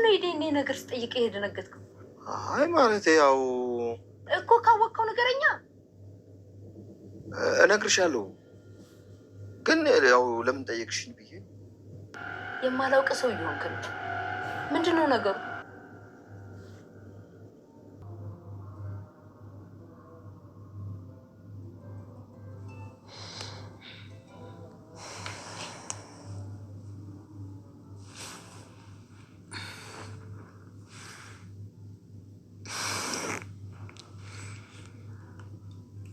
ምንድን ነው የዲኤንኤ ነገር ስጠይቅ የደነገጥከው? አይ ማለት ያው እኮ ካወቅከው ነገረኛ እነግርሻለሁ። ግን ያው ለምን ጠየቅሽኝ ብዬ የማላውቅ ሰው እየሆንክ ነው። ምንድን ነው ነገሩ?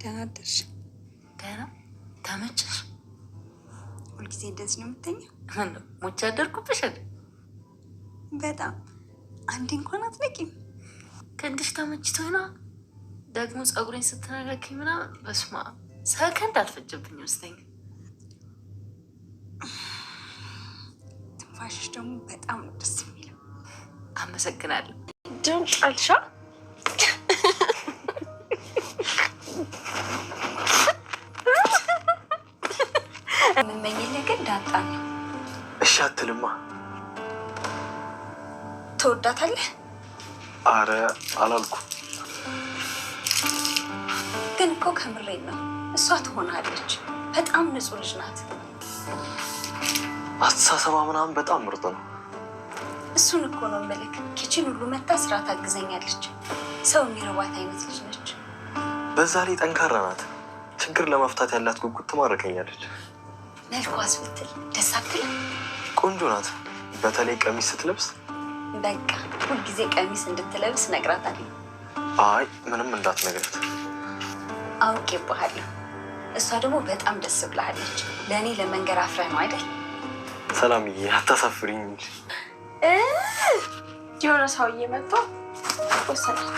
ደህና አደርሽ? ደህና ተመቸሽ? ሁልጊዜ እንደዚህ ነው የምተኛው? ሞች አደርኩብሻል። በጣም አንድ እንኳን አትነቂም። ክንድሽ ተመችቶ ነው። ደግሞ ፀጉሬን ስትነካኪኝ ምናምን በስማ ሰከንድ አልፈጀብኝ ውስተኝ። ትንፋሽሽ ደግሞ በጣም ደስ የሚለው። አመሰግናለሁ። ድምፅ አልሻ የምመኝልህ ግን ዳጣ ነው። እሺ አትልማ። ትወዳታለህ? አረ አላልኩ ግን እኮ ከምሬን ነው። እሷ ትሆናለች። በጣም ንጹህ ልጅ ናት። አስተሳሰባ ምናምን በጣም ምርጥ ነው። እሱን እኮ ነው የምልህ። ኪችን ሁሉ መታ ስራ ታግዘኛለች። ሰው የሚረባት አይነት ልጅ ነች። በዛ ላይ ጠንካራ ናት። ችግር ለመፍታት ያላት ጉጉት ትማርከኛለች። መልኳስ ብትል ደስ አትልም? ቆንጆ ናት። በተለይ ቀሚስ ስትለብስ። በቃ ሁልጊዜ ቀሚስ እንድትለብስ እነግራታለሁ። አይ ምንም እንዳትነግራት። አውቄብሃለሁ። እሷ ደግሞ በጣም ደስ ብላሃለች። ለእኔ ለመንገር አፍረ ነው አይደል? ሰላምዬ አታሳፍሪኝ። የሆነ ሰውዬ መጥቶ ወሰዳት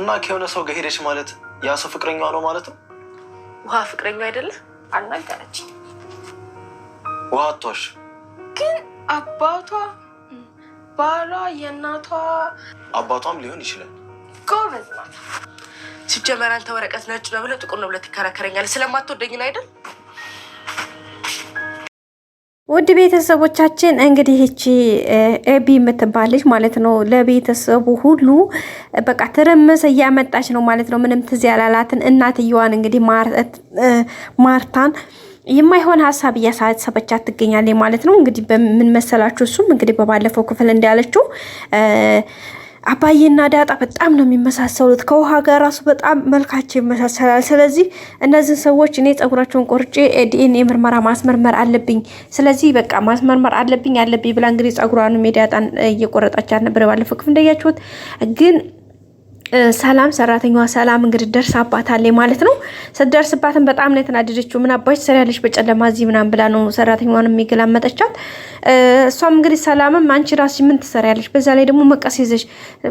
እና ከሆነ ሰው ጋር ሄደች ማለት ያ ሰው ነው ማለት ነው? ውሃ ፍቅረኛ አይደለ? አናገረችኝ ዋቶሽ ግን አባቷ ባሏ የእናቷ አባቷም ሊሆን ይችላል። ጎበዝ ናት። ሲጀመር አንተ ወረቀት ነጭ ነው ብለህ ጥቁር ነው ብለህ ትከራከረኛለህ። ስለማትወደኝ አይደል? ውድ ቤተሰቦቻችን እንግዲህ ይቺ ኤቢ የምትባል ልጅ ማለት ነው ለቤተሰቡ ሁሉ በቃ ትርምስ እያመጣች ነው ማለት ነው። ምንም ትዝ ያላላትን እናትየዋን እንግዲህ ማርታን የማይሆን ሀሳብ እያሳሰበቻት ትገኛለች ማለት ነው። እንግዲህ በምን መሰላችሁ? እሱም እንግዲህ በባለፈው ክፍል እንዳለችው አባዬና ዳጣ በጣም ነው የሚመሳሰሉት። ከውሃ ጋር ራሱ በጣም መልካቸው ይመሳሰላል። ስለዚህ እነዚህን ሰዎች እኔ ጸጉራቸውን ቆርጬ ዲኤንኤ ምርመራ ማስመርመር አለብኝ። ስለዚህ በቃ ማስመርመር አለብኝ አለብኝ ብላ እንግዲህ ጸጉሯንም የዳጣን እየቆረጣች ነበር ባለፈው ክፍል እንዳያችሁት ግን ሰላም ሰራተኛዋ ሰላም እንግዲህ ደርሳባታለች ማለት ነው። ስትደርስባትን በጣም ነው የተናደደችው። ምን አባሽ ትሰሪያለሽ በጨለማ እዚህ ምናምን ብላ ነው ሰራተኛዋን የሚገላመጠቻት። እሷም እንግዲህ ሰላምም አንቺ ራስሽ ምን ትሰሪያለሽ? በዛ ላይ ደግሞ መቀስ ይዘሽ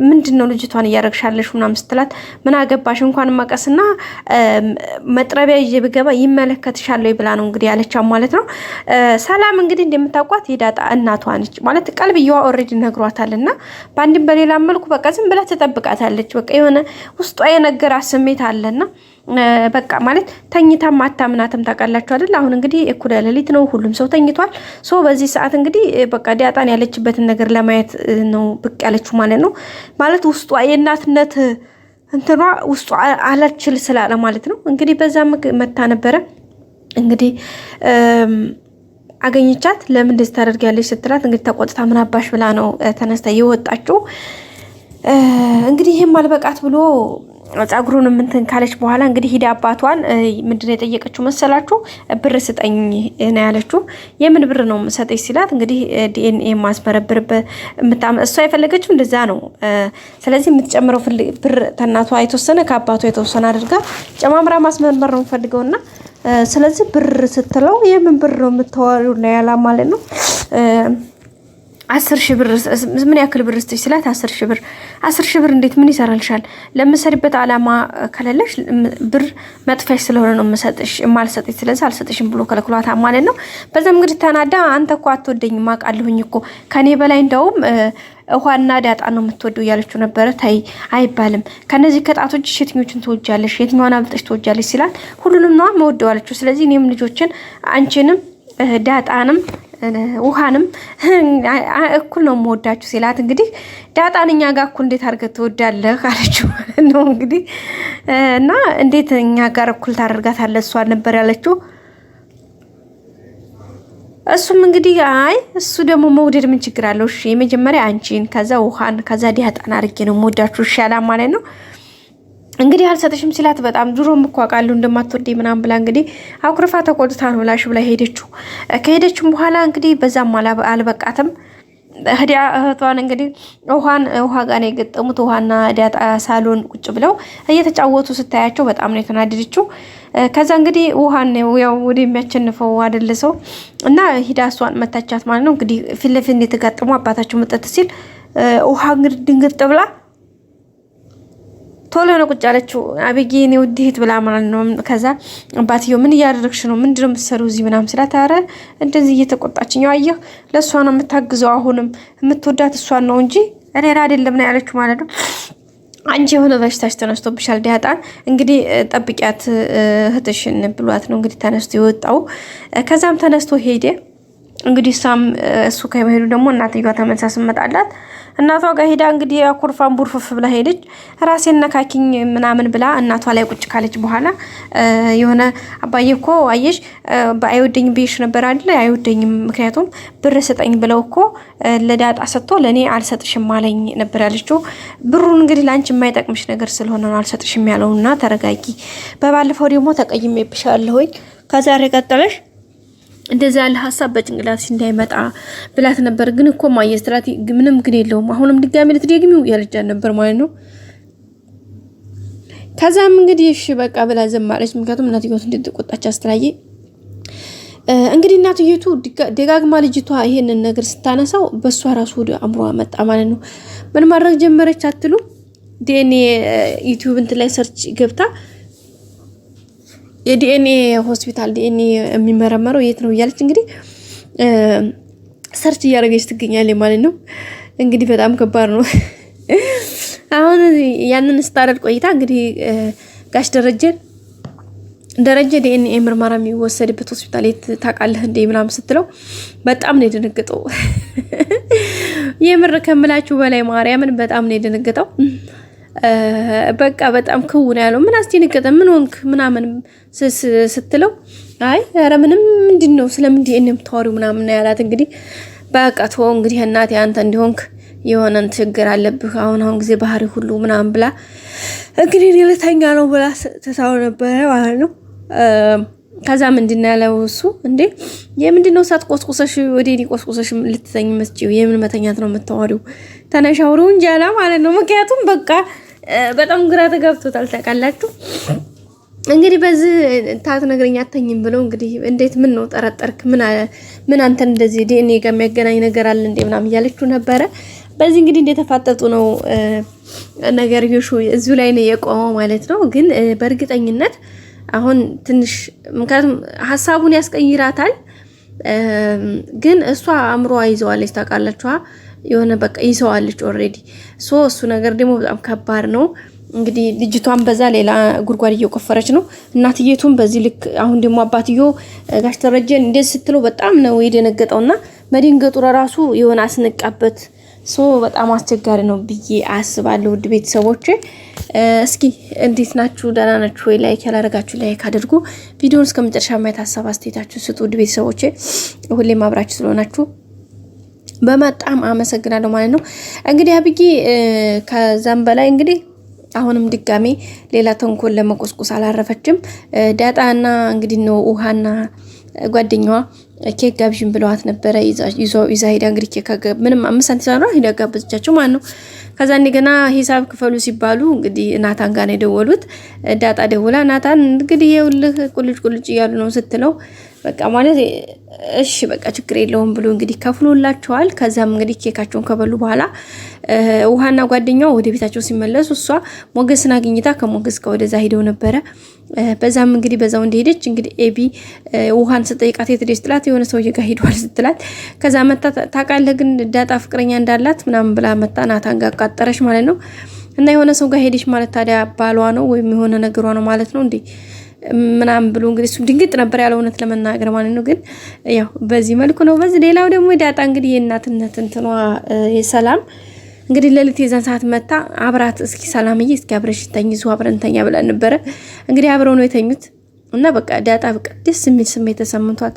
ምንድን ነው ልጅቷን እያረግሻለሽ? ምናምን ስትላት ምን አገባሽ እንኳን መቀስና መጥረቢያ ይዤ ብገባ ይመለከትሻለሁ ብላ ነው እንግዲህ ያለቻት ማለት ነው። ሰላም እንግዲህ እንደምታውቋት የዳጣ እናቷ ነች ማለት ቀልብየዋ ኦልሬዲ ነግሯታልና በአንድም በሌላ መልኩ በቃ ዝም ብላ ትጠብቃታለች። በቃ የሆነ ውስጧ የነገራት ስሜት አለና በቃ ማለት ተኝታም አታምናትም ታውቃላችሁ አይደል? አሁን እንግዲህ እኩለ ሌሊት ነው፣ ሁሉም ሰው ተኝቷል። ሶ በዚህ ሰዓት እንግዲህ በቃ ዲያጣን ያለችበትን ነገር ለማየት ነው ብቅ ያለችው ማለት ነው። ማለት ውስጧ የእናትነት እንትኗ ውስጧ አላችል ስላለ ማለት ነው። እንግዲህ በዛ መታ ነበረ እንግዲህ አገኘቻት። ለምን እንደዚህ ታደርጊያለሽ ስትላት እንግዲህ ተቆጥታ ምናባሽ ብላ ነው ተነስታ የወጣችው። እንግዲህ ይህም አልበቃት ብሎ ፀጉሩን ምንትን ካለች በኋላ እንግዲህ ሂዳ አባቷን ምንድነው የጠየቀችው መሰላችሁ? ብር ስጠኝ ነው ያለችው። የምን ብር ነው ሰጠች ሲላት እንግዲህ ዲኤንኤ ማስመረብርበት እሷ የፈለገችው እንደዛ ነው። ስለዚህ የምትጨምረው ብር ተናቷ የተወሰነ ከአባቷ የተወሰነ አድርጋ ጨማምራ ማስመርመር ነው ፈልገውና ስለዚህ ብር ስትለው የምን ብር ነው የምታወሪው ነው ያላ ማለት ነው። አስር ሺህ ብር ምን ያክል ብር ስጥሽ ስላት አስር ሺህ ብር አስር ሺህ ብር እንዴት ምን ይሰራልሻል? ለምሰሪበት አላማ ከሌለሽ ብር መጥፋሽ ስለሆነ ነው የምሰጥሽ የማልሰጥሽ ስለዚህ አልሰጥሽም ብሎ ከልክሏታል ማለት ነው። በዛም እንግዲህ ተናዳ አንተ እኮ አትወደኝም አውቃለሁኝ እኮ ከኔ በላይ እንደውም ውሃና ዳጣ ነው የምትወደው እያለችው ነበረ። ታይ አይባልም ከነዚህ ከጣቶች የትኞቹን ትወጃለሽ? የትኛዋን አብልጠሽ ትወጃለሽ? ሲላል ሁሉንም ነዋ መወደዋለችው። ስለዚህ እኔም ልጆችን አንቺንም ዳጣንም ውሃንም እኩል ነው የምወዳችሁ ሲላት እንግዲህ ዳጣን እኛ ጋር እኩል እንዴት አድርገህ ትወዳለህ አለችው ማለት ነው እንግዲህ እና እንዴት እኛ ጋር እኩል ታደርጋታለህ እሷ ነበር ያለችው። እሱም እንግዲህ አይ እሱ ደግሞ መውደድ ምን ችግር አለው? እሺ የመጀመሪያ አንቺን፣ ከዛ ውሃን፣ ከዛ ዲያጣን አድርጌ ነው የምወዳችሁ ይሻላል ማለት ነው። እንግዲህ አልሰጥሽም ሲላት በጣም ድሮም እኮ አውቃለሁ እንደማትወዴ ምናምን ብላ እንግዲህ አኩርፋ ተቆጥታ ነው ላሽ ብላ ሄደችው። ከሄደችም በኋላ እንግዲህ በዛም አልበቃትም ህዲያ እህቷን እንግዲህ ውሃን ውሃ ጋር የገጠሙት። ውሃና ህዲያ ሳሎን ቁጭ ብለው እየተጫወቱ ስታያቸው በጣም ነው የተናደደችው። ከዛ እንግዲህ ውሃን ያው ወደ የሚያቸንፈው አይደለ ሰው እና ሂዳ እሷን መታቻት ማለት ነው። እንግዲህ ፊት ለፊት የተጋጠሙ አባታቸው መጠጥ ሲል ውሃ እንግዲህ ድንግጥ ብላ ቶሎ ነው ቁጭ አለችው አቤጌ እኔ ውድህት ብላ ማለት ነው። ከዛ አባትየው ምን እያደረግሽ ነው? ምንድነው የምትሰሩ እዚህ ምናምን ስላት፣ ኧረ እንደዚህ እየተቆጣችኝ አየህ፣ ለእሷ ነው የምታግዘው። አሁንም የምትወዳት እሷን ነው እንጂ እኔን አይደለም ነው ያለችው ማለት ነው። አንቺ የሆነ በሽታሽ ተነስቶብሻል፣ ዲያጣን እንግዲህ ጠብቂያት እህትሽን ብሏት ነው እንግዲህ ተነስቶ የወጣው። ከዛም ተነስቶ ሄደ። እንግዲህ እሷም እሱ ከመሄዱ ደግሞ እናትየዋ ተመልሳ ስመጣላት እናቷ ጋር ሄዳ እንግዲህ አኮርፋን ቡርፍፍ ብላ ሄደች። ራሴን ነካኪኝ ምናምን ብላ እናቷ ላይ ቁጭ ካለች በኋላ የሆነ አባዬ እኮ አየሽ በአይወደኝ ብዬሽ ነበር አይደለ? አይወደኝም ምክንያቱም ብር ስጠኝ ብለው እኮ ለዳጣ ሰጥቶ ለእኔ አልሰጥሽም አለኝ ነበር ያለችው። ብሩን እንግዲህ ለአንቺ የማይጠቅምሽ ነገር ስለሆነ ነው አልሰጥሽም ያለውና ተረጋጊ። በባለፈው ደግሞ ተቀይሜብሻለሁኝ ከዛሬ ቀጠለሽ እንደዛ ያለ ሀሳብ በጭንቅላትሽ እንዳይመጣ ብላት ነበር። ግን እኮ ማየ ስትራቴጂ ምንም ግን የለውም። አሁንም ድጋሚ ልትደግሚው ያልጃ ነበር ማለት ነው። ከዛም እንግዲህ እሺ በቃ ብላ ዘማለች። ምክንያቱም እናትዮቱ እንድትቆጣች አስተላየ። እንግዲህ እናትዮቱ ደጋግማ ልጅቷ ይሄንን ነገር ስታነሳው በእሷ ራሱ ወደ አእምሮ መጣ ማለት ነው። ምን ማድረግ ጀመረች አትሉ ዴኔ ዩቲዩብ እንትን ላይ ሰርች ገብታ የዲኤንኤ ሆስፒታል ዲኤንኤ የሚመረመረው የት ነው እያለች እንግዲህ ሰርች እያደረገች ትገኛለች ማለት ነው። እንግዲህ በጣም ከባድ ነው። አሁን ያንን ስታደል ቆይታ እንግዲህ ጋሽ ደረጀን ደረጀ ዲኤንኤ ምርመራ የሚወሰድበት ሆስፒታል የት ታውቃለህ እንዴ ምናምን ስትለው በጣም ነው የደነገጠው። የምር ከምላችሁ በላይ ማርያምን በጣም ነው የደነገጠው። በቃ በጣም ክውን ያለው ምን አስደነገጠ? ምን ሆንክ ምናምን ስትለው አይ ኧረ ምንም ምንድን ነው ስለምንድን ነው የምታወሪው ምናምን ያላት። እንግዲህ በቃ ተወው እንግዲህ እናቴ አንተ እንዲሆንክ የሆነን ችግር አለብህ አሁን አሁን ጊዜ ባህሪ ሁሉ ምናምን ብላ እንግዲህ ሌለተኛ ነው ብላ ትታው ነበረ ማለት ነው። ከዛ ምንድን ያለው እሱ እንዴ የምንድን ነው ሳት ቆስቁሰሽ ወደ እኔ ቆስቁሰሽ ልትተኝ መስጪው የምን መተኛት ነው የምታወሪው? ተነሻውሪው እንጃላ ማለት ነው። ምክንያቱም በቃ በጣም ግራ ተጋብቶታል። ታውቃላችሁ እንግዲህ በዚህ ታትነግረኝ አተኝም ብለው እንግዲህ እንዴት ምን ነው ጠረጠርክ? ምን ምን አንተን እንደዚህ ዲኤንኤ ጋር የሚያገናኝ ነገር አለ እንዴ ምናምን እያለችው ነበረ። በዚህ እንግዲህ እንደተፋጠጡ ነው ነገር ይሹ እዚሁ ላይ ነው የቆመው ማለት ነው። ግን በእርግጠኝነት አሁን ትንሽ ምክንያቱም ሀሳቡን ያስቀይራታል። ግን እሷ አእምሮ ይዘዋለች ታውቃላችኋ የሆነ በቃ ይሰዋለች ኦልሬዲ። ሶ እሱ ነገር ደግሞ በጣም ከባድ ነው። እንግዲህ ልጅቷን በዛ ሌላ ጉድጓድ እየቆፈረች ነው። እናትየቱን በዚህ ልክ አሁን ደግሞ አባትዮ ጋሽ ተረጀን እንዴት ስትለው በጣም ነው የደነገጠውና መደንገጡ ለራሱ የሆነ አስነቃበት። ሶ በጣም አስቸጋሪ ነው ብዬ አስባለሁ። ውድ ቤተሰቦች እስኪ እንዴት ናችሁ? ደህና ናችሁ ወይ? ላይክ ያላደረጋችሁ ላይክ አድርጉ። ቪዲዮን እስከ መጨረሻ ማየት ሀሳብ አስተያየታችሁ ስጡ። ውድ ቤተሰቦች ሁሌም አብራችሁ ስለሆናችሁ በመጣም አመሰግናለሁ ማለት ነው። እንግዲህ አብዬ ከዛም በላይ እንግዲህ አሁንም ድጋሜ ሌላ ተንኮል ለመቆስቆስ አላረፈችም። ዳጣና እንግዲህ ነው ውሃና ጓደኛዋ ኬክ ጋብዥን ብለዋት ነበረ። ይዛ ሄዳ እንግዲህ ኬክ ምንም አምስት ሳንቲ ሳይኖራ ሄዳ ጋበዘቻቸው ማለት ነው። ከዛ እኔ ገና ሂሳብ ክፈሉ ሲባሉ እንግዲህ ናታን ጋር ነው የደወሉት። ዳጣ ደውላ ናታን እንግዲህ የውልህ ቁልጭ ቁልጭ እያሉ ነው ስትለው በቃ ማለት እሺ በቃ ችግር የለውም ብሎ እንግዲህ ከፍሎላቸዋል። ከዛም እንግዲህ ኬካቸውን ከበሉ በኋላ ውሃና ጓደኛው ወደ ቤታቸው ሲመለሱ እሷ ሞገስን አግኝታ ከሞገስ ጋር ወደዛ ሄደው ነበረ። በዛም እንግዲህ በዛው እንደሄደች እንግዲህ ኤቢ ውሃን ስጠይቃት የት ሄደች የሆነ ሰውዬ ጋር ሄደዋል ስትላት፣ ከዛ መታ ታውቃለህ ግን ዳጣ ፍቅረኛ እንዳላት ምናምን ብላ መታ ናታን ጋር አቃጠረች ማለት ነው። እና የሆነ ሰው ጋር ሄደች ማለት ታዲያ ባሏ ነው ወይም የሆነ ነገሯ ነው ማለት ነው እንዴ? ምናምን ብሎ እንግዲህ እሱም ድንግጥ ነበር ያለው እውነት ለመናገር ማለት ነው። ግን ያው በዚህ መልኩ ነው። በዚህ ሌላው ደግሞ የዳጣ እንግዲህ የእናትነት እንትኗ የሰላም እንግዲህ ለሊት የዛን ሰዓት መታ አብራት እስኪ ሰላምዬ እስኪ አብረሽ ተኝ ዙ አብረን ተኛ ብለን ነበረ እንግዲህ አብረው ነው የተኙት እና በቃ ዳጣ በቃ ደስ የሚል ስሜት ተሰምቷት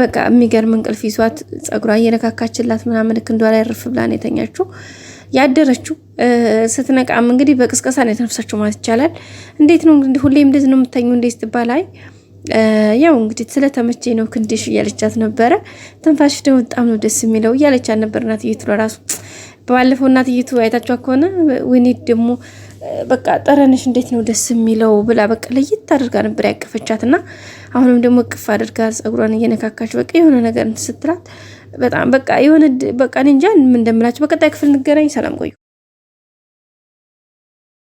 በቃ የሚገርም እንቅልፍ ይዟት ጸጉሯ እየነካካችላት ምናምን ክንዷ ላይ ርፍ ብላ ነው የተኛችው። ያደረችው። ስትነቃም እንግዲህ በቅስቀሳ ነው የተነፍሰችው ማለት ይቻላል። እንዴት ነው እንግዲህ ሁሌም እንደዚህ ነው የምታኙ እንዴት ስትባል ያው እንግዲህ ስለተመቼ ነው ክንዴሽ እያለቻት ነበረ። ትንፋሽ ደግሞ በጣም ነው ደስ የሚለው እያለቻት ነበር እናትዬቱ ለራሱ ባለፈው እናትዬቱ አይታችኋ ከሆነ ወይኔ ደግሞ በቃ ጠረንሽ እንዴት ነው ደስ የሚለው ብላ በቃ ለየት አድርጋ ነበር ያቀፈቻት እና አሁንም ደግሞ እቅፍ አድርጋ ጸጉሯን እየነካካች በቃ የሆነ ነገር ስትላት በጣም በቃ የሆነ በቃ እኔ እንጃ እንደምላችሁ። በቀጣይ ክፍል እንገናኝ። ሰላም ቆዩ።